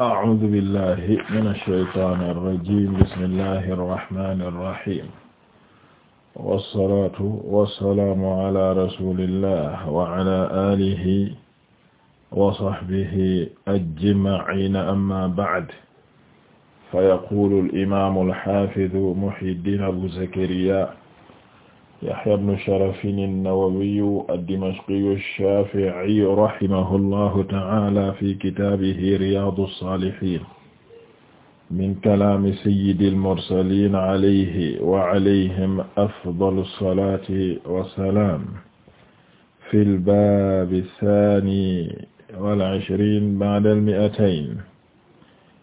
أعوذ بالله من الشيطان الرجيم بسم الله الرحمن الرحيم والصلاة والسلام على رسول الله وعلى آله وصحبه أجمعين أما بعد فيقول الإمام الحافظ محي الدين أبو زكريا Yahya ibn Sharaf an-Nawawi ad-Dimashqi ash-Shafi'i rahimahullahu ta'ala fi kitaabihi Riyaadu s-Saalihiin min kalaami sayyidil mursaliin alayhi wa alayhim afdalu s-salaati wa s-salaam fil baabi ath-thaani wal ishriin ba'da al-mi'atayn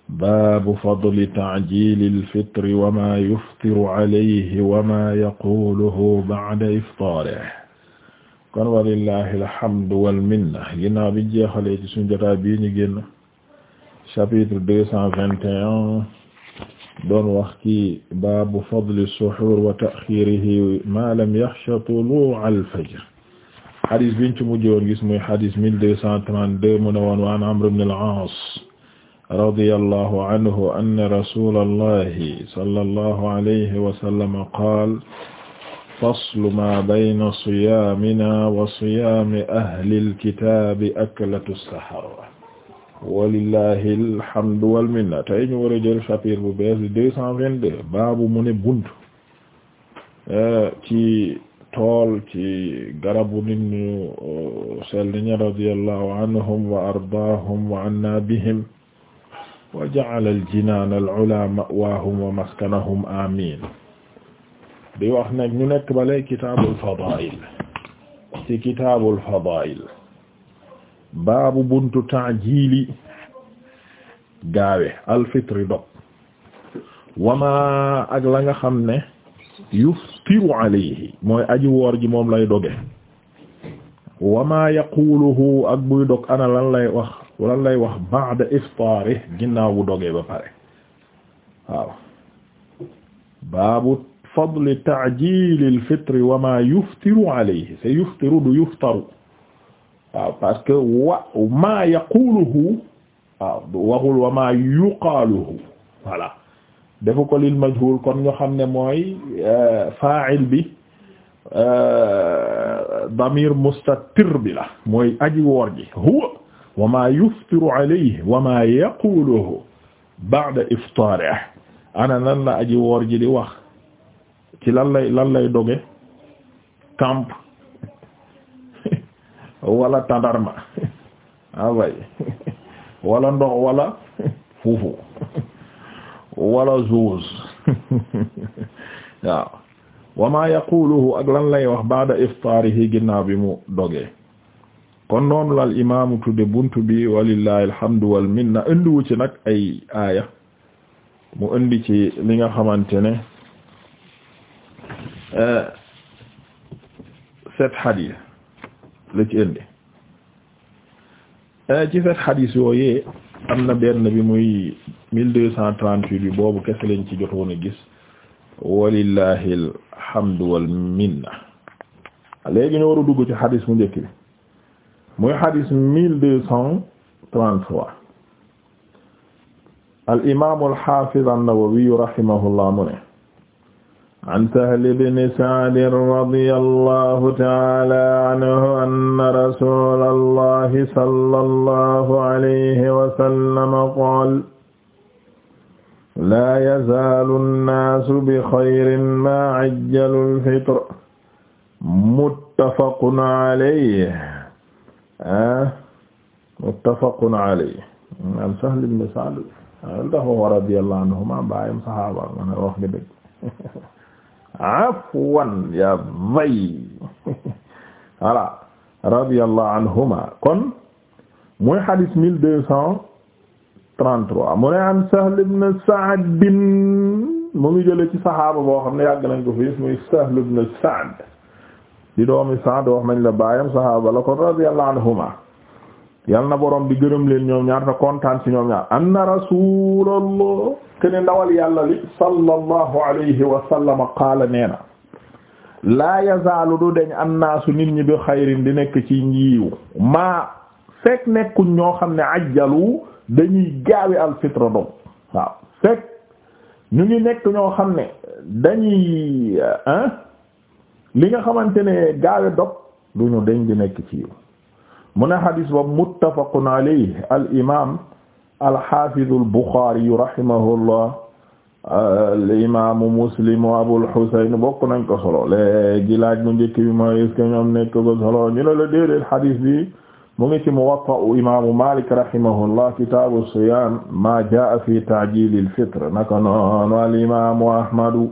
baabu fadli ta'jiilil fitri wa maa yuftiru alayhi wa maa yaquluhu ba'da iftaarihi kon walillaahi alhamdu wal minna ginnaaw bi jeexalee ci sunu jotaay bii ñu génn chapitre deux cent vingt et un doon wax ci baabu fadli suhuur wa ta'xiirihi maa lam yaxsha tuluu'al fajr xadis biñ ci mujj woon gis muy xadis mille deux cent trente-deux mu ne woon wa an Amr ibn al-Aas radiyallahu anhu anna rasulallahi sallallahu alayhi wa sallam qaala faslu ma bayna siyaamina wa siyaami ahlil kitaabi aklatu sahar walillahi alhamdu wal minna tey ñu war a jël chapitre bu bees bi deux cent vingt-deux baabu mu ne bunt eh, ci tool ci garabu nit ñu eh, sell ñi radiyallahu anhum wa ardaahum wa anna bihim wa ja'ala al-jinaan al-'ulaa wa maskanahum amiin di wax nag ñu nekk ba lay kitaabul fadaa'il ci kitaabul fadaa'il baabu buntu ta'jiili gaawe alfitri dog wamaa ak la nga xam ne yuftiru alayhi mooy aji woor ji moom lay doge wamaa yaquluhu ak buy dog ana lan lay wax wala lay wax ba'da iftaari ginnaaw bu dogee ba pare waaw baabu fadli ta'jilil fitri wa ma yuftiru alayhi sa yuftiru du yuftaru waaw parce que wa ma yaquluhu waaw du waxul wa ma yuqaaluhu voilà defu ko lil majhul kon ñu xam ne mooy euh, fa'il bi euh, damir mustatir bi la mooy aji woor ji huwa wa maa yuftiru alayhi wa maa yaquluhu ba'da iftaarihi ana lan la aji woor ji di wax ci lan lay lan lay doge camp wala tandarma away ah, wala ndox wala fuufu wala zuuz waaw wa maa yaquluhu ak lan lay wax ba'da iftaarihi ginnaaw bi mu doge kon noonu la al imaamu tudde buntu bi walillahi alhamdu wal minna indiwu ci nag ay aaya mu indi ci li nga xamante ne eh, sept hadith la ci indi eh, ci sept hadith yooyee am na benn bi muy mille deux cent boobu kese lañ ci jotoon a gis walillahi alhamdu wal minna léegi ñu war a dugg ci hadith mu njëkk bi muy xadis mille deux cent trente-trois al imaamu al xaafiz an-Nawawi rahimahullah mu ne an Sahl ibn Sa'd radiyallahu ta'ala anhu anna rasulallahi sallallahu alayhi wa sallam qaala laa yazaalu nnaasu bi xayrin maa ajjalu al-fitr muttafaqun alayhi Ah, muttafaqun alayhi an Sahl ibn Sa'd ah, wa radiyallahu anhuma baayam sahaaba ma ne wax nga dëgg afwan ya vay voilà radiyallahu anhuma kon muy hadis mille deux cent trente-trois mu ne an Sahl ibn Sa'd mu ngi jële ci sahaaba boo xam ne yàgg nañ ko fi muy Sahl ibn Sa'd di doomi Saad wax nañ la baayam sahaaba la kon radiyallahu anhuma yal na boroom bi gërëm leen ñoom ñaar te kontaan ci ñoom ñaar anna rasulallah kene ndawal yàlla li sallallahu alayhi wa sallam qaala nee na laa yazaalu du deñ annaasu nit ñi bi xayrin di nekk ci njiiw maa fekk nekkuñ ñoo xam ne ajjalu dañuy gaawi alfitra dom waaw fekk ñu ngi nekk ñoo xam ne dañuy hein li nga xamante ne gaawe dog du ñu deñ nekk ci mu ne xadis ba muttafaqun alayhi al imam al hafiz al bukhari rahimahullah al imam muslim wa abul husayn bokk nañ ko solo léegi laaj mu njëkk bi mooy mu ngi ci muwatta imaamu malik rahimahullah kitaabu ma jaa fi ta'jil al fitr naka noonu al imaamu ahmadu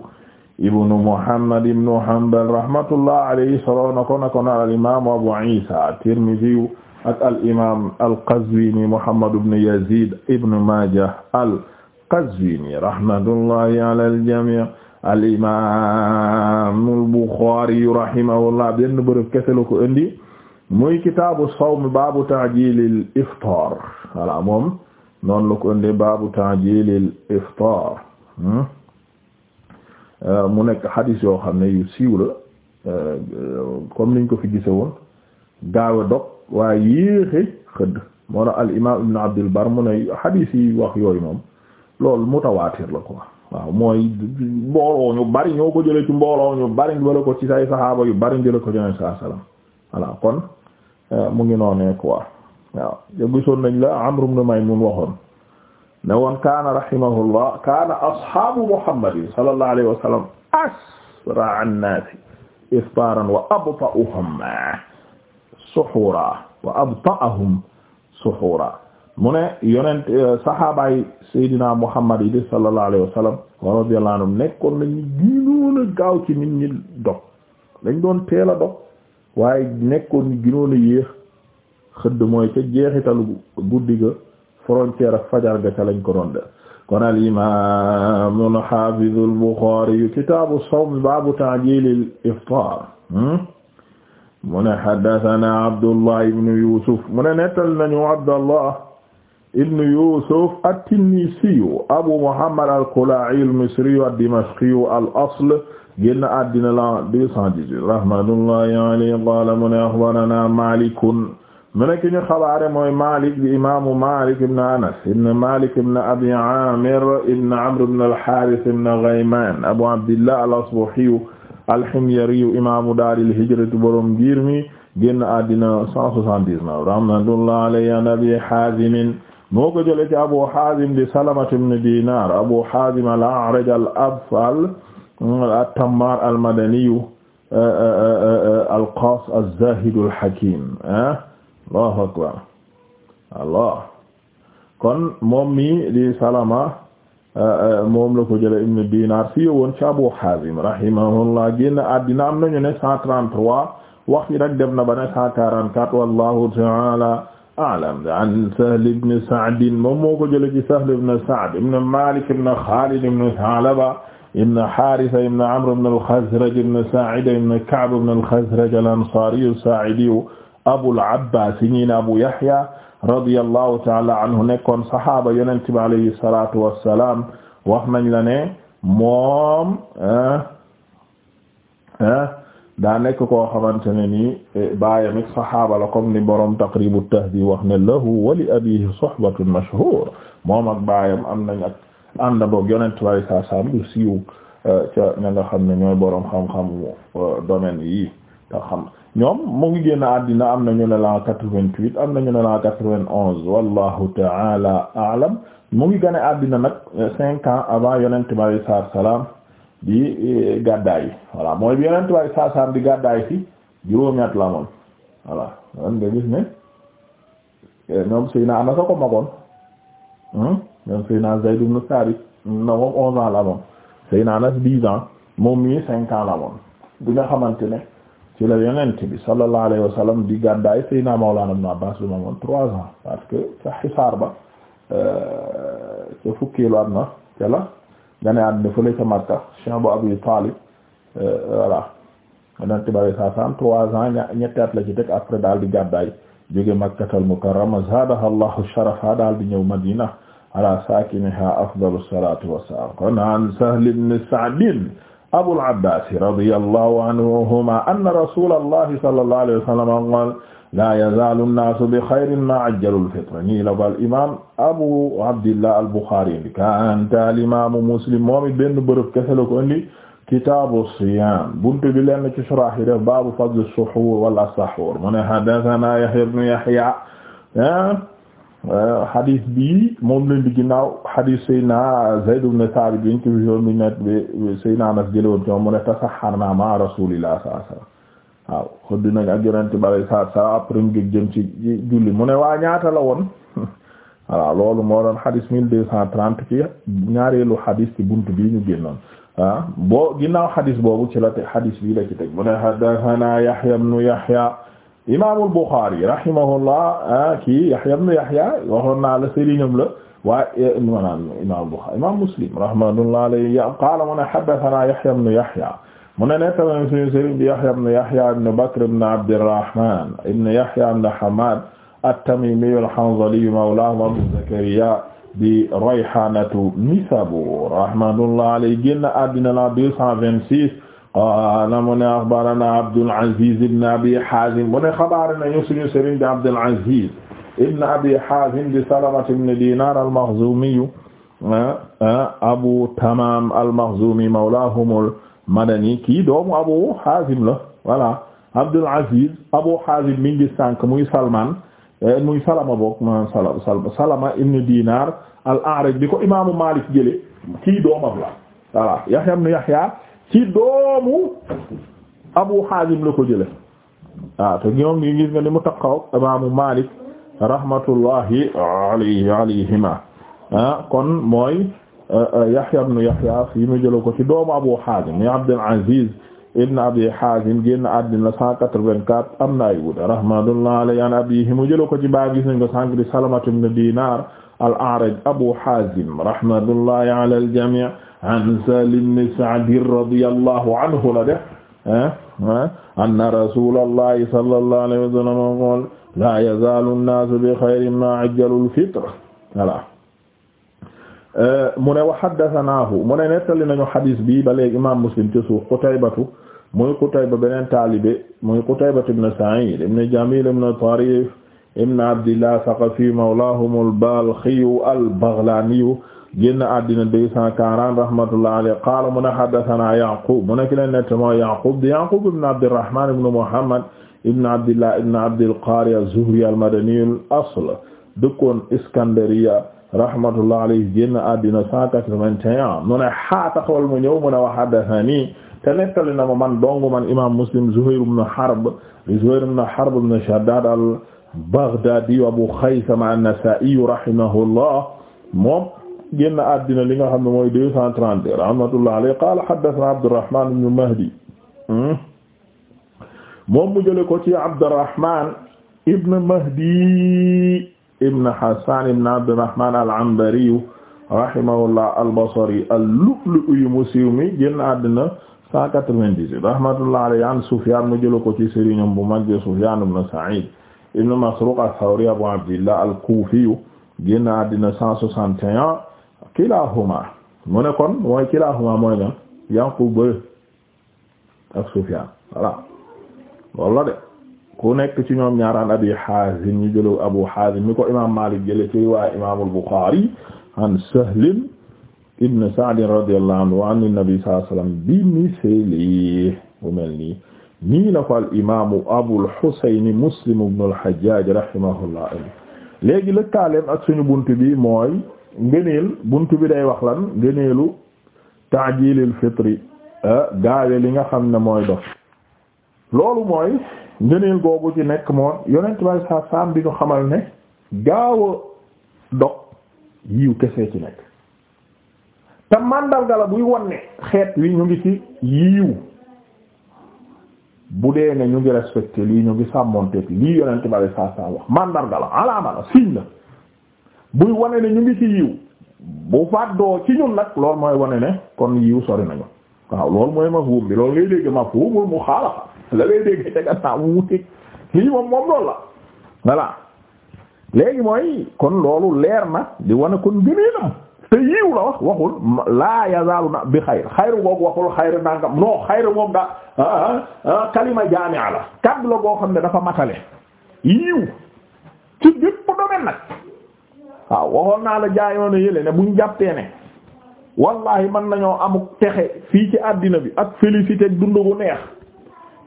ibnu Muhammad ibnu Hanbal rahmatullah alayhi solo na ko na ko na al-imaam Abu Isa at-Tirmidhi ak al-imaam al-Qazwini Muhammad ibnu Yazid ibnu Majah al-Qazwini rahmatullahi ala al-jami' al-imaam al-Bukhari rahimahullah benn bërëb kese la ko indi muy kitaabu sawm baabu ta'jiilil iftaar voilà moom noonu la ko indi baabu ta'jiilil iftaar hmm? Euh, mu nekk xadis yoo xam ne yu siiw la euh, comme niñ ko fi gise woon gaaw a dog waaye yéexe xëdd moo tax al imaam ibn abdul bar mu ne xadis yi wax yooyu moom loolu mutawaatir la quoi waaw mooy mbooloo ñu bari ñoo ko jële ci mbooloo ñu bari jële ko ci say saxaaba yu bari jële ko ñooy saa salaam voilà kon euh, mu ngi noonee quoi waaw gisoon nañ la Amr ibn Maymun waxoon ne woon kaana rahimahullah kaana ashaabu muhammadin sallallahu alayhi wa sallam asraa annaasi iftaran wa abta'uhum suxuura wa abta'ahum suxuura mu ne yonent saxaabaay Seydina Muhammad yi di sallallahu alayhi wa sallam wa radiyallahu anhum nekkoon lañu gënoon a gaaw ci nit ñi dog dañ doon teel a dog waaye nekkoon gënoon a yéex xëdd mooy ca jeexitalu guddi ga frontière ak fajar ga ca lañ ko doon def kon al imam al hafiz al bukhari kitabu sawm babu ta'jil al iftar hmm? mu ne hadathana abdullah ibn yusuf mu ne nettal nañu abdullah ibn yusuf at-tinnisiyu abu muhammad al-qula'i al-misriyu ad-dimashqiyu al-asl génn àddina la 218 rahmatullahi alayhi qala mu ne akhbarana malikun mu nekk ñu xabaare mooy Malik bi imaamu Malik ibn Anas ibn Malik ibn Abi Amir ibn Amr ibn al-Harith ibn Ghayman Abu Abdillah al-Asbahi al-Himyari imaamu daar al-hijra borom ngir mi génn àddina 179 rahmatullahi alayhi an Abi Hazim moo ko jëlee ci Abu Hazim di Salama ibn Dinar Abu Hazim al-A'raj al-Abfal at-Tammar al-Madani al-Qas az-Zahid al-Hakim ah. allahu akbar allah kon moom mi di salama euh, euh, moom la ko jële ibn dinar si yowoon ci abu hazim rahimahullah génn àddina am nañu ne cent trente-trois wax yi nag dem na ba ne cent quarante-quatre wallahu ta'ala a'lam an sahl ibn sa'd moom moo ko jële ci sahl ibn sa'd ibn malik ibn khalid ibn tha'laba ibn harisa ibn amr ibn al-khazraj ibn sa'id ibn ka'b ibn al-khazraj al-ansari as-sa'idi Abul Abbaas ñi na Abu Yahya radiyallahu ta'ala anhu nekkoon saxaaba yonent bi alayhi salaatu wa salaam wax nañ la ne moom ah, ah, daa nekk koo xamante ne nii eh, baayam it saxaaba la comme ni borom Taqribu Tahdhib wax ne lahu wa li abiihi suhbatun mashhuur moom ak baayam am nañ ak ànd boog yonent bi alayhi salaatu wa salaam du siiw eh, ca ña nga xam ne ñooy borom xam-xam eh, domaine yi ta xam. ñoom mu ngi génn àddina am nañu ne la 88 am nañu ne la 91 wallahu ta'ala a'lam mu ngi gane àddina nag cinq ans avant yonent bi alayhi salaam di eh, gàddaay voilà mooy bi yonent bi alayhi salaam di gàddaay fi juróomi at la moom voilà man nga gis ne eh, ñoom Seydina Anas a ko magoon hmm? ñoom Seydina Zayd ibn Thabit na onze ans la moom Seydina Anas dix ans moom mii cinq ans la moom bi nga xamante ne ci la yonent bi sallallahu alayhi wa sallam di gàddaay Seydina Mawlana Ibn Abbas lu ma moon trois ans parce que ca xisaar ba euh, ca fukkeelu at na ca la gane àddina fële ca Makka Shabu Abi Talib euh, voilà yonent bi alayhi salaam trois ans ñetti at la ci teg après daal di gàddaay jóge Makkatal Mukarrama zaadaha Allahu sharafa daal di ñëw Madina ala saakiniha afdalu salaatu wassalaam kon an Sahl ibn Sa'd abul abbas radiyallahu anhuma anna rasulallahi sallallahu alayhi wa sallam qaala laa yazaalu nnaasu bi xayrin maa ajjalul fitra nii la ko al imaam abu abdillah al buxaari indi kaanta al imaamu muslim moom it benn bërëb kese la ko indi kitaabu siyaam buntu bi leen ci shuraax yi def baabu fadli suhuur wala sahuur mu ne haddasanaa yahyaa ibnu yahyaa ah, xadis euh, bi moom leen di ginnaaw xadis Seydina Zayd ibn Thabit biñ ci vision bi net bi Seydina Anas jële woon ci moom mu ne tasaxarna ma Rasulillah sallallahu alayhi wasallam waaw xëdd nañ ak yonente bi ci julli mu ne waa ñaata la woon voilà loolu moo doon xadis mille deux cent trente ci ñaareelu xadis ci buntu bi ñu génnoon ah boo ginnaaw boobu ci la te xadis bii la ci teg mu ne Yahya ibn Yahya imaamul Buxaari rahimahullah ah, kii Yahya ibn Yahya waxoon naa la sëriñam la waaye eh, nu ma naan imaamul Buxaari imaam Muslim rahmatullahi alayhi qaala mu ne haddathanaa Yahya ibn Yahya mu ne nettali suñu sëriñ bi Yahya ibn Yahya ibn Bakr ibn Abdirrahmaan ibn Yahya ibn Hammaad at-Tamiimi al-Hanzali mawlaahum Abu Zakariyaa di Rayhaanatu Nisaabuur rahmatullahi alayhi génn àddina la 226 qaala mu ne axbarana Abdul Aziz ibn Abi Haazim mu ne xabaar nañu suñu sëriñ di Abdul Aziz ibn Abi Haazim di Salama ibn Diinaar al-Maxzuumi ah, ah, Abu Tamaam al-Maxzuumi mawlaahumul Madani kii doomu Abu Haazim la voilà Abdul Aziz Abu Haazim mi ngi sànq muy Salman eh, muy Salama bokk ma Salama ibn Diinaar al-A'raj bi ko imaamu Maalik jëlee kii doomam la voilà Yahya ibn Yahya ci doomu Abu Hazim la ko jële waaw ah, te ñoom ngi gis nga ni mu taxaw imaamu Malik rahmatullahi alayhi alayhima ah, kon mooy eh, eh, Yahya ibn Yahya fi mu jële ko ci doomu Abu Hazim ni Abdul Aziz ibn Abi Hazim génn àddina 184 am na ay wuute rahmatullahi alayhi an abihi mu jële ko ci ba gis nañ ko sànq di Salamatu ibn Dinar al-A'raj Abu Hazim rahmatullahi ala al-jami' an Salim ibn Sa'd radiyallahu anhu la def ah, ah, anna rasulallahi sallallahu alayhi wa sallam qaala laa yazaalu nnaasu bi xayrin maa ajjalul fitr voilà mu ne wa haddathanaahu mu ne nettali nañu xadis bi ba léegi imaam Muslim ci suuf Qutaybatu muy Qutayba beneen taalibe muy Qutaybatu ibn Sa'id ibn Jamil ibn Tarif ibn Abdillah Saqafi mawlaahum al-Balkhi al-Baghlani génn àddina deux cent quarante rahmatullah alayhi qaala mu ne haddathana Yaqub mu ne ki leen nett moo Yaqub di Yaqub ibn Abdirrahman ibn Muhammad ibn Abdillah ibn Abdil Qaari az-Zuhri al-Madani al-asl dëkkoon Iskandariya rahmatullah alayhi génn àddina cent quatre-vingt-un mu ne xaataxawal mu ñëw mu ne wa haddathani te nettali na ma man dong man imaam Muslim Zuhayr ibn Harb Zuhayr ibn Harb ibn Shaddad al-Baghdadi Abu Khaythama an-Nasa'i rahimahullah moom génn àddina li nga xam ne mooy deux cent trente rahmatullah alayhi qaala haddathana Abdurrahman ibn Mahdi hmm? moom mu jële ko ci Abdurrahman ibn Mahdi ibn Hassan ibn Abdurrahman al-Anbari rahimahullah al-Basri al-Lu'lu'i mu siiw mi génn àddina cent quatre-vingt-dix-huit rahmatullah alayhi an Sufyan mu jële ko ci sëriñam bu mag Sufyan ibn Sa'id ibn Masruq ath-Thawri Abu Abdillah al-Kufi génn àddina cent soixante et un kilahuma mu ne kon mooy kilahuma mooy lan Yaqub ak Sufyan voilà loolu la de ku nekk ci ñoom ñaaraan Abi Hazim ñu jëlu Abu Hazim mi ko imaam Malik jële ci riwaaya imaamul Bukhari an Sahl ibn Sa'd radiyallahu anhu an nabi sallallahu bi misli bu mel nii nii la ko al imaamu Muslim ibn al-Hajjaj rahimahullah léegi lëkkaaleem ak suñu bunt bi mooy ngëneel bunt bi day wax lan ngëneelu taajilil fitri ah, gaawe li nga xam ne mooy dof loolu mooy ngëneel googu ci nekk moom yonent bay sa saam di ñu xamal ne gaaw a dog yiw kese ci nekk te màndarga la buy wone xeet wi ñu ngi ci yiw bu dee ne ñu ngi respecté lii ñu ngi sàmmonteeg lii yonent bay sa saam wax màndarga la alaama la signe la buy wane ne ñu ngi ci yiw bu fàddoo ci ñun nag loolu mooy wane ne kon yiw sori nañu waaw loolu mooy mafhum bi loolu ngay dégg mafhumul muxaalafa la ngay dégg ca gannaaw mu wuti lii moom moom loolu la voilà léegi mooy kon loolu leer na di wane kon gëneelam te yiw la wax waxul laa yazaalu na bi xayr xayr waxul xayr nangam non xayr moom da ah, ah, ah, kalima jaami'a la kàddu la boo xam ne dafa matale yiw ci bépp domaine nag waaw waxoon naa la jaayoon yële ne buñ jàppee ne wallahi man nañoo amuk texe fii ci àddina bi ak félicité dund bu neex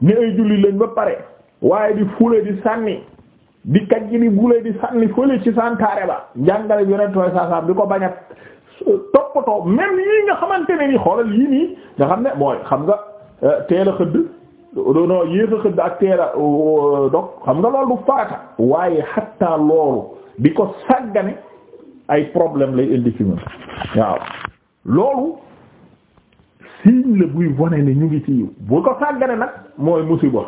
ni ay julli lañ ba pare waaye di fule di sànni di kaj gi di bule di sànni fële ci santaare ba njàngale bi yonent way bi saam di ko bañat toppatoo même yii nga xamante ne ni xoolal yii nii nga xam ne mooy xam nga euh, teel a xëdd non xëdd ak teel euh, xam nga loolu du faata waaye xatta loolu di ko sàggane ay problème lay indi ci ñun waaw loolu signe la buy wane ne ñu ngi ci yiw bu ko sàggane nag mooy musiba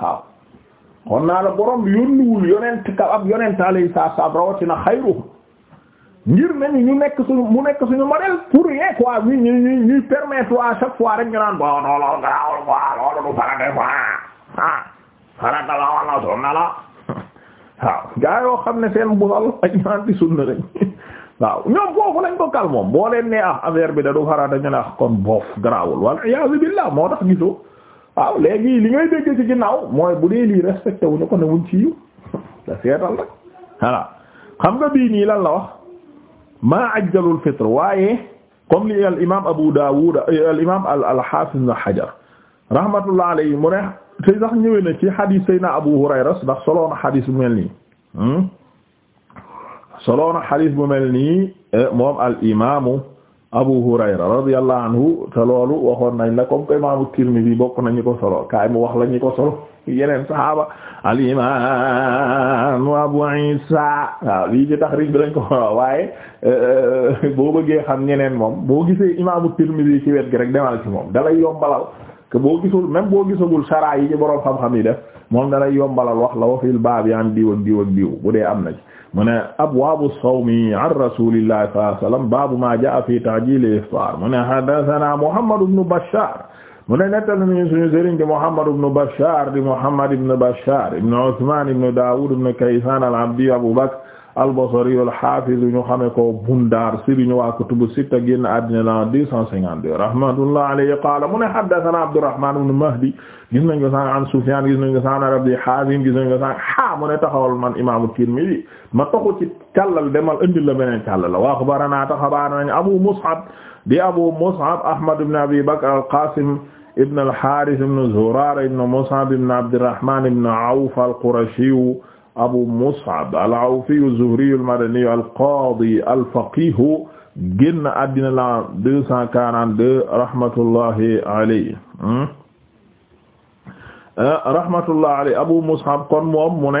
waaw kon naa la borom yónniwul yonent ka ab yonent alayhi salaam rawatina xayru ngir ne ñu nekk suñu mu nekk suñu modèle pour yee quoi ñu ñuy permettre à chaque fois rek ñu naan bon loolu garaawul quoi loolu du farata quoi ah farata la wala sunna la waaw gaa yoo xam ne seen busal ak ñaan di sunna lañ waaw foofu lañ ko kal boo leen nee ah affaire bi da du farata ñu ne ah kon boof garaawul wal iyaazu billaah moo tax gisoo waaw li ngay dégg ci ginnaaw mooy bu dee lii respecté wuñu ko ne wuñ ci yiw da seetal rek voilà xam nga bii nii lan la wax maa ajjalul fitr waaye comme li al imaam Abu Daawud al imaam al al xaafiz na Hajar rahmatullah alayhi mu ne te sax ñëwee na ci xadiis sayna Abu Hurayra ndax soloon na xadiis bu mel nii hmm? bu mel nii eh, moom al imaamu Abu Hurayra radiyallahu anhu te loolu waxoon nañ la comme que imaamu Tirmidhi bokk nañu ko solo kaay mu wax la ñu ko solo yeneen saxaaba al imaamu Abu Isa waaw lii ci taxriij bi lañ ko waaye eh, eh, boo bëggee xam ñeneen moom boo gisee imaamu Tirmidhi ci wet gi rek demal ci moom dalay yombalal que boo gisul même boo gisagul saraa yi ci borom xam-xam yi def moom da lay yombalal wax la wafil baab yi an diw ak diw ak diw bu dee am na ci mu ne abwaabu sawmi an rasulillahi sallallahu alayhi wasallam baabu ma jaa fi ta'jil iftar mu ne hadathana muhammad ibn bashar mu ne nettal nañu suñu sëriñ di Muhammad ibn Bashar di Muhammad ibn Bashar ibn Uthman ibn Dawud ibn Kaysan al-Abdi Abu Bakr al-Basri al-Hafiz ñu xamee ko Bundar sëriñ waa kutubu sitta génn àddina la 252 rahmatullah alayhi qaala mu ne haddathana Abdurrahman ibn Mahdi gis nañ ko sànq an Sufyan gis nañ ko sànq an Abi Hazim gis nañ ko sànq ha mu ne taxawal man imaamu Tirmidhi ma taxu ci càllal demal indi la beneen càllal la wa akhbarana taxabaana Abu Mus'ab di Abu Mus'ab Ahmad ibn Abi Bakr al-Qasim ibn al-Harith ibn Zurara ibn Mus'ab ibn Abdurrahman ibn Awf al-Qurashi abu mus'ab al-awfi az-zuhri al-madani al-qaadi al-faqih génn àddina la 242 rahmatullahi alayhi rahmatullahi alayhi abu mus'ab kon moom mu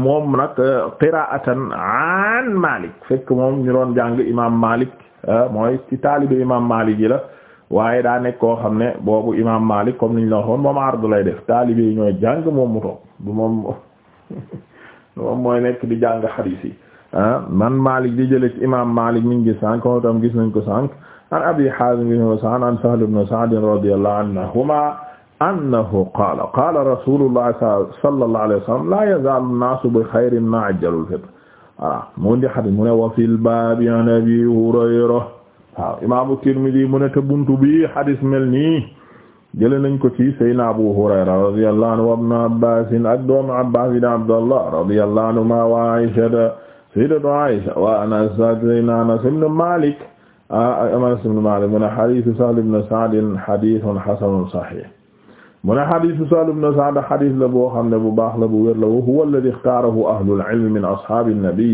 moom nag qiraatan an malik fekk moom ñu doon jàng imam malik mooy ci taalibe imam malik yi la waaye daa nekk koo xam ne boobu imam malik comme niñ la waxoon moom ardu lay def taalibe yi moom mu toog moom mooy nekk di jàng xadiis yi ah man Malik di jële ci imam Malik mi ngi gis sànq moom tam gis nañ ko sànq an Abi Hazim ibn Sa'd an Sahl ibn Sa'd radiyallahu anhuma annahu qaala qaala rasulullah sallallahu alayhi wa sallam la yazalu an-nasu bi khayrin ma ajjalul fitr voilà mu di xadis mu ne wa fil baabi an Abi Hurayra waaw imaamu Tirmidhi mu ne te buntu bi xadis mel nii jële nañ ko ci sayna Abu Hurayra radiyallahu anhu wa ibn Abbas ak doomu Abbas ibn Abdallah radiyallahu anhuma wa Aisha sayyidatu Aisha wa Anas sayna Anas ibn Malik ah, Anas ibn Malik mu ne hadithu Sahl ibn Sa'd hadithun hasanun sahih mu ne hadithu Sahl ibn Sa'd hadith la boo xam ne bu baax la bu wér la wa huwa alladhi ikhtarahu ahlul ilm min ashabi an-nabi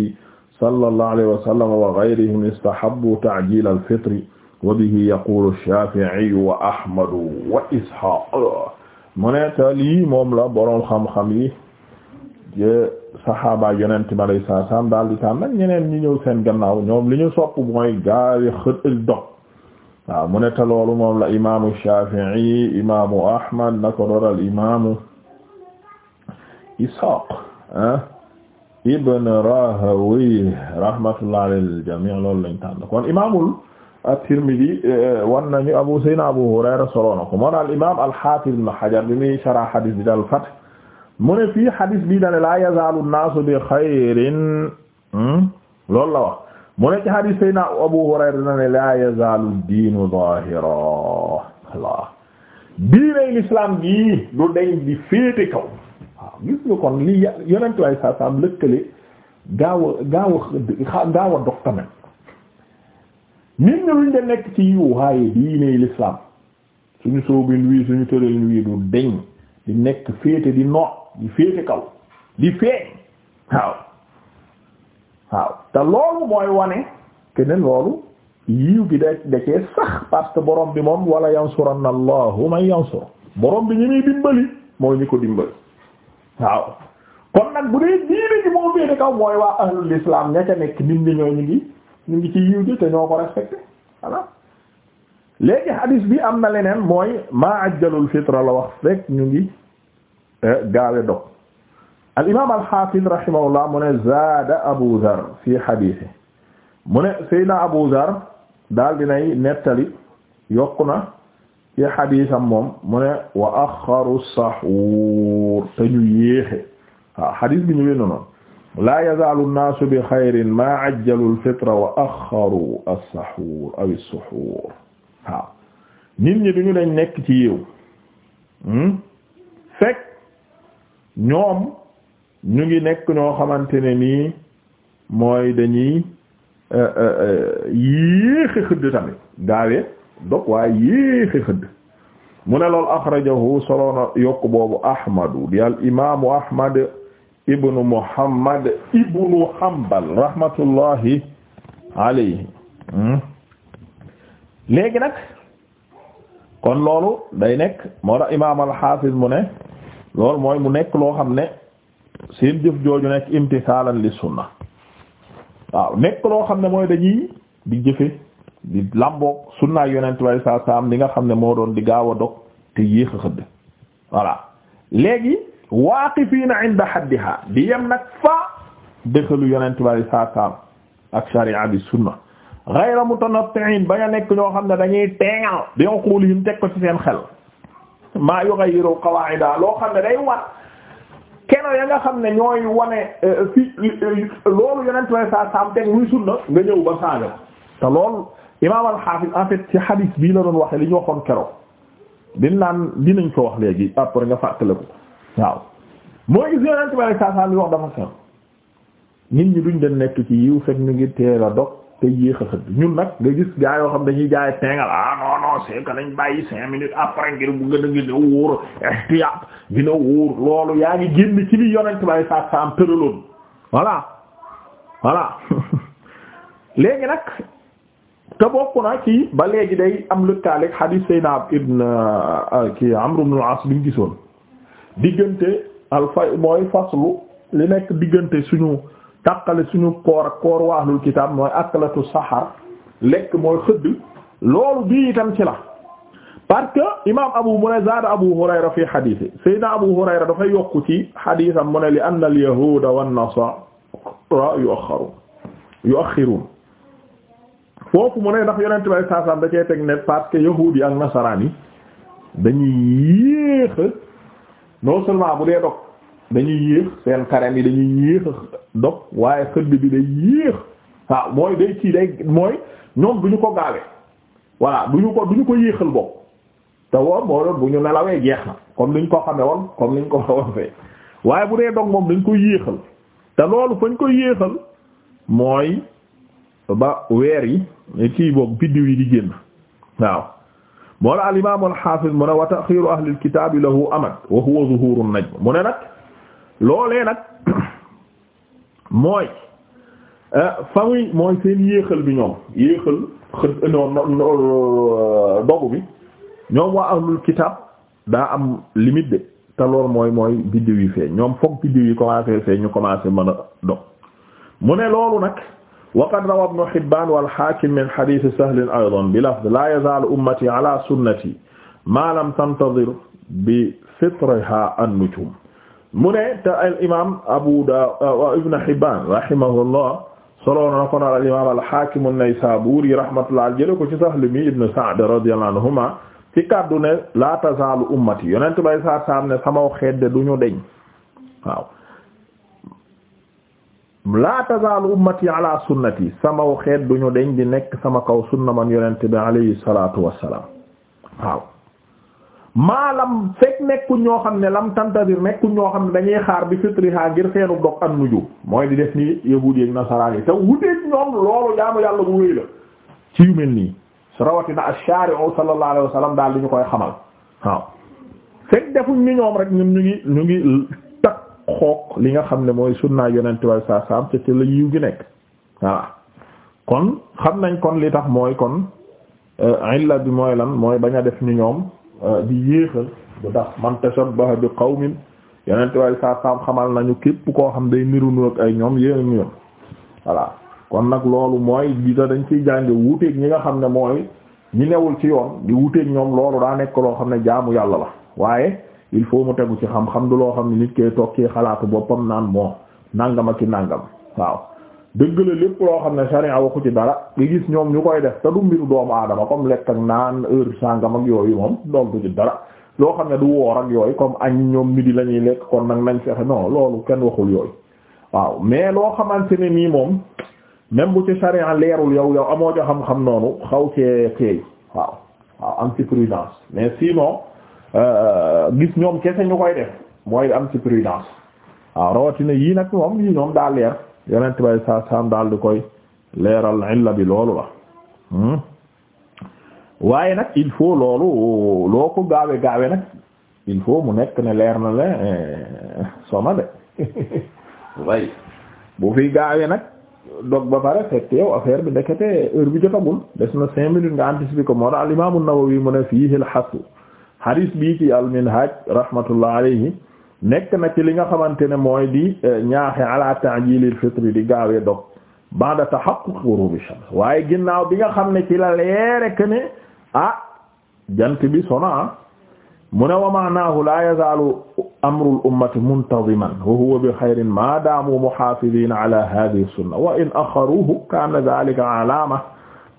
sallallahu alayhi wa sallam wa ghayrihim istahabbu ta'jil al-fitr wa bihi yaqulu Shafi'i wa Ahmadu wa Ishaq mu ne te lii moom la boroom xam-xam yi je saxaaba yonent mi alayhi salaam daal di tànn nag ñeneen ñi ñëw seen gannaaw ñoom li ñu sopp mooy gaari xët dox waaw mu ne te loolu moom la imaamu Shafi'i imaamu Ahmad na ko doral imaamu Ishaq ah, ibn Rahawayh rahmatullahi alal jamii' loolu lañ tànn kon imaamul at-Tirmidhi eh, wan nañu abu sayna abu Hurayra solo na ko moo daal imaam al-Hafiz ibn Hajar bi muy sarah xadis bi dal Fath mu ne fii xadis bi dane la yazaalu naasu bi xayrin hmm? loolu la wax mu ne ci xadis sayna abu Hurayra dane la yazaalu diinu zaahira Allah diiney l'islam gi du deñ di féete kaw waaw gis nga kon lii yonentu way sa sam lëkkale gaaw a gaaw a gaaw a dox tamit nit ñi luñ de nekk ci yiw waaye diine l'islam suñu soobin wii suñu tëralin wii du deñ di nekk féete di noot di féete kaw di feeñ waaw waaw te loolu mooy wane que loolu yiw gi da da sax parce que borom bi moom wala yansuranna allahu man yansur borom bi ñi muy dimbali mooy ñi ko dimbali waaw kon nag bu dee diine ji moo féete kaw mooy waa ahlul islam ña ca nekk nit ñi ñoo ñu ngi ñu ngi ci yiw ji te ñoo ko respecté voilà léegi hadis bi am na leneen mooy maa ajjalul fitra la wax rek ñu ngi eh, gaawe dog al imaam al xaafid rahimahullah mu ne abu dhar fi hadisi mu ne seydna abu dhar daal dinay nettali yokku na ci xadisam moom mu ne wa axaru saxuur te ñu yéexe bi ñu wénna laa yazaalu nnaasu bi xayrin maa ajjalu lfitra wa axaru alsaxuur aw lsuxuur waaw nit ñi duñu dañ nekk ci yiw hmm? fekk ñoom ñu ngi nekk ñoo xamante ne nii mooy dañuy euh, euh, euh, yéexe xëdd tamit gaawee dog waaye yéexe xëdd mu ne lool axrajahu soloona yokk boobu ahmadu di al imaamu ahmad ibnu Muhammad ibnu Hanbal rahmatullahi alayhi hmm? léegi nag kon loolu day nekk moo tax imaam al-Hafiz mu ne loolu mooy mu nekk loo xam ne seen jëf jooju nekk imtisaalan li sunna waaw nekk loo xam ne mooy dañuy di jëfe di làmboog sunna yonent way saa saam li nga xam ne moo doon di gaaw a dog te yéex a xëdd voilà léegi waaqifiina inda haddiha di yem nag fa dëxalu yonent bi saasaam ak sharia bi sunna ghayra mutanatti'in ba nga nekk ñoo xam ne dañuy teengal bi uqulihim teg ko ci seen xel maa yughayyiru qawaa'ida loo xam ne day war keno ya nga xam ne ñooy wane euh, fi euh, loolu yonent bi saasaam teg muy sunna nga ñëw ba saaga te loolu imaam al-Hafiz en fait ci hadith bii la doon waxee li ñu waxoon keroog din naan dinañ ko wax léegi après nga fàttaliku waaw mooy gis yonent bi saa saa li wax dafa sew nit ñi duñ dem nekk ci yiw fekk ñu ngi teel a dog te yéex a xëdd ñun nag nga gis gaa yoo xam dañuy jaay teengal ah non non c'est nañ bàyyi cinq minutes après ngir bu gën a gën a wóor loolu yaa ngi génn ci li yonent bi saa saa am tëraloon voilà voilà léegi nag te bokk na ci ba léegi day am lëkkaaleeg xadiis Seydina ibn euh, ki Amr ibn as bi gisoon. diggante alfay mooy faslu li nekk diggante suñu tàqale suñu koor ak koor waaxlul kitaab mooy akalatu saxar lekk mooy xëdd loolu bii itam ci la parce que imam abu mu ne zaada abu hurayra fi xadiisi sayyidina abu hurayra dafay yokku ci xadiisam mu ne li anna al yahuuda wan nasara yu'axxaruun yu'axxiruun foofu mu ne ndax yonent bay saasam da cee teg ne ak nasaraan yi dañuy yéexa non seulement bu dee dog dañuy yéex seen carême yi dañuy yéex dog waaye xëdd bi day yéex waaw mooy day ci day mooy ñoom du ko gaawee voilà duñu ko du ko yéexal bopp te woon moo doon bu ñu nelawee jeex na comme niñ ko xame woon comme niñ ko waxoon fee waaye bu dee dog moom dañ ko yéexal te loolu fañ ko yéexal mooy ba weer yi kii boobu biddiw yi di génn waaw moo la al imaam al xaafis mu ne wa taxiiru ahlil kitaabi lahu amad wa huwa zuhuuru najm mu ne nag loolee nag mooy eh, fa muy mooy seen yéexal bi ñoom yéexal xë eh, non euh, dogu bi ñoom waa ahlul kitaab daa am limite de te lool mooy mooy biddiw yi feeñ ñoom foog biddiw yi commencé feeñ ñu commencé mën a dog mu ne loolu nag. waqad rawa ibnu Hibbaan wal Haakim min hadiisi Sahlin aydan bi lafz laa yazaalu ummatii alaa sunnatii maa lam tantadir bi fitrihaa an-nujum mu ne te al imaam Abu Daawuud ibnu Hibbaan rahimahullah solo na ko na al imaam al Haakim an-Naysaabuuri rahmatullah jële ko ci Sahl mi ibnu Sa'd radiyallahu anhumaa ci kaddu ne laa tazaalu ummatii yonent bay saa saam ne sama xeet de duñu deñ waaw la tazaalu ummati ala sunnati samaw xeet duñu deñ di nekk sama kaw sunna man yonent bi alayhi salaatu wassalaam waaw lam fekk nekku ñoo xam ne lam tantadir nekku ñoo xam ne dañuy xaar bi fitriha ngir seenu dog an nuju mooy di def ni yahuud yi ak nasaraan yi te wuteek ñoom loolu jaamu yàlla bu wéy la ci mel nii rawatina ash-shari'u sallallahu alayhi daal li ñu koy xamal waaw fekk defuñ ni ñoom rek ñu ngi ñu ngi xoog li nga xam ne mooy sunnaa yonent way saa saam ca ci la yiw gi nekk voilà kon xam nañ kon li tax mooy kon euh, illa bi mooy lan mooy bañ a def ñu ñoom euh, di yéexal bu tax man tashabbaha bi qawmin yonent way saa saam xamal nañu képp ko xam day niru nu ak ay ñoom yéen ñu ñoom voilà kon nag loolu mooy gisa dañ ciy jànge wuuteeg ñi nga xam ne mooy ñi newul ci yoon di wuuteeg ñoom loolu daa nekk loo xam ne jaamu yàlla la waaye il faut mu tegu ci xam-xam du loo xam ne nit koy toog ci xalaatu boppam naan moo nangam ak ki nàngam waaw dëgg la lépp loo xam ne sharia waxu ci dara nga gis ñoom ñu koy def te du mbiru doomu aadama comme lekk ak naan heure sàngam ak yooyu moom dool du ci dara loo xam ne du woor ak yooyu comme añ ñoom midi la ñuy lekk kon nag nañ fexe non loolu kenn waxul yooyu waaw mais loo xamante ne nii moom même bu ci sharia leerul yow yow amoo jo xam-xam noonu xaw cee teey Euh, gis ñoom kese ñu koy def mooy am ci prudence waaw rawatina yii nag moom yii ñoom daa leer yonent bay sa saam daal di koy leeral illa bi loolu la hmm? waaye nag il faut loolu loo ko gaawe gaawe nag il faut mu nekk ne leer na le eh, sona de way bu fi gaawe nag dog ba pare fekk yow affaire bi ndekete heure bi jotagul des na cinq minutes nga anticiper ko moo tax al imam mu ne fiihi al hasu hadis bi ci al-Minhaj rahmatullah alayhi nekk na ci li nga xamante ne mooy di eh, ñaaxe ala ta'jilil fitri di gaawee dog ba'da tahaqquq ghurubi shams waaye ginnaaw bi nga xam ne ci la leere que ne ah jant bi sona ah, mu ne wa ma'nahu la yazalu amrul ummati muntaziman wa huwa bi xayrin ma daamu muhafidina ala hadhihi sunna wa in axaruhu kana dhalika alama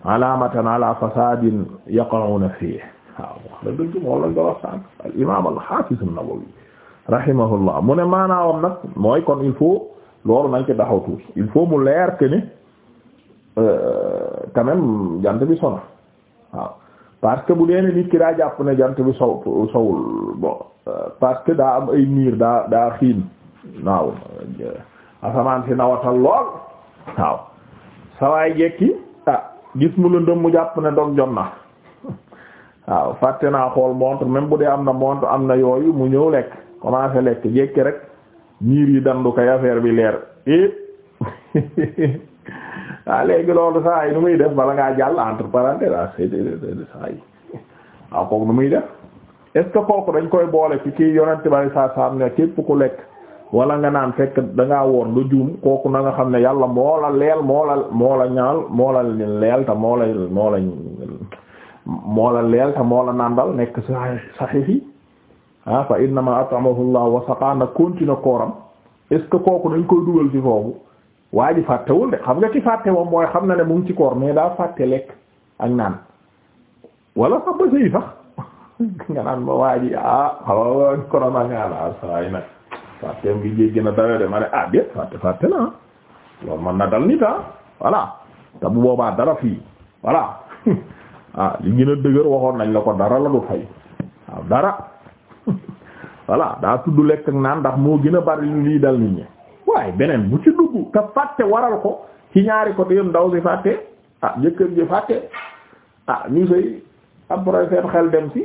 alamatan ala fasadin yaqa'una fihi waaw wax na dëgg moom lañ ko wax sànq al imam al hafiz an-Nawawi mu ne maanaawam nag mooy kon il faut loolu nañ ci taxaw tuuti il faut mu leer que ne euh, quand jant bi sona waaw parce que bu dee ne nit ki daa jàpp ne jant bi sowul bon euh, parce que daa am ay niir daa daa xiin waaw asamaan si nawatal lool waaw sawaay jekki ah gis mu lëndëm mu jàpp ne dog jot na waaw fàtte naa xool montre même bu dee am na montre am na yooyu mu ñëw lekk commencé lekk jekki rek ñiir yi dandu kay affaire bi leer et ah léegi loolu saa yi nu muy def bala ngaa jàll entre parenthèses ah c'est saa yi waaw kooku nu muy def est ce que kooku dañ koy boole ci kii yonent bari am ne képp ku lekk wala nga naan fekk da ngaa woor lu juum kooku nanga xam ne yàlla moo la leel moo la moo la ñaal moo la leel te moo la moo la leel te moo la nàndal nekk saxiix yi ah fa innama at'amahu Allah wa saqaa continuer kooram est-ce kooku dañ koy dugal ci foofu waa ji fàttewul de xam nga ci fàtte moom mooy xam na ne mu ci koor mais daa fàtte lekk ak wala sax ba nga naan ah, ah, yi nag fàtteem ngi jéggi na dawee de ma ne ah fàtte fàtte na loolu mën na dal nit ah voilà te bu boobaa dara fii voilà ah li gën a dëgër waxoon nañ la ko dara la du fay waaw dara voilà daa tudd lekk ak naan ndax moo gën a bari lii dal nit ñi waaye beneen bu ci dugg te fàtte waral ko ci ñaari côté yëpp ndaw si fàtte ah jëkkër ji fàtte ah ñu sëy après seen xel dem si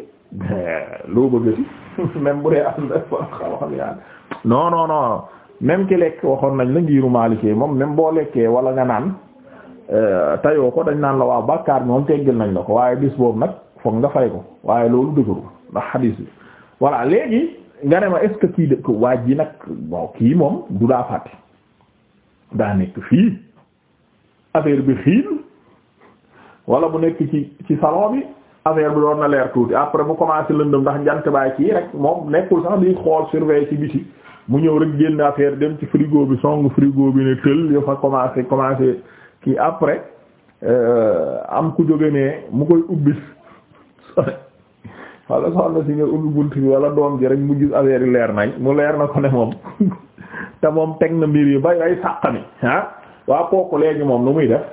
loo bëgg si même bu dee am na xam ki lekk waxoon nañ la ngiru maalikee moom même boo lekkee wala nga naan Euh, tayoo ko dañ naan la waaw bàkkaar moom teggil nañ la ko waaye bis boobu nag foog nga fay ko waaye loolu dëgëru ndax xadiis bi voilà léegi nga ne ma est-ce que kii dëkk waaj ji nag bon kii moom du daa fàtte daa nekk fii affaire bi xiin wala bu nekk ci ci salon bi affaire bi doon na leer tuuti après mu commencé lëndëm ndax njant baay kii rek moom nekkul sax di xool surveiller ci biti mu ñëw rek génn affaire dem ci frigo bi song frigo bi ne tël yo fa commencé commencé kii après euh, am ku jóge ne mu koy ubbi wala soxna si nga ubbi bunt bi wala doom ji rek mu gis affaire yi leer nañ mu leer na ko ne moom te moom teg na mbir yi bay ay sàqami ah waa kooku léegi moom nu muy def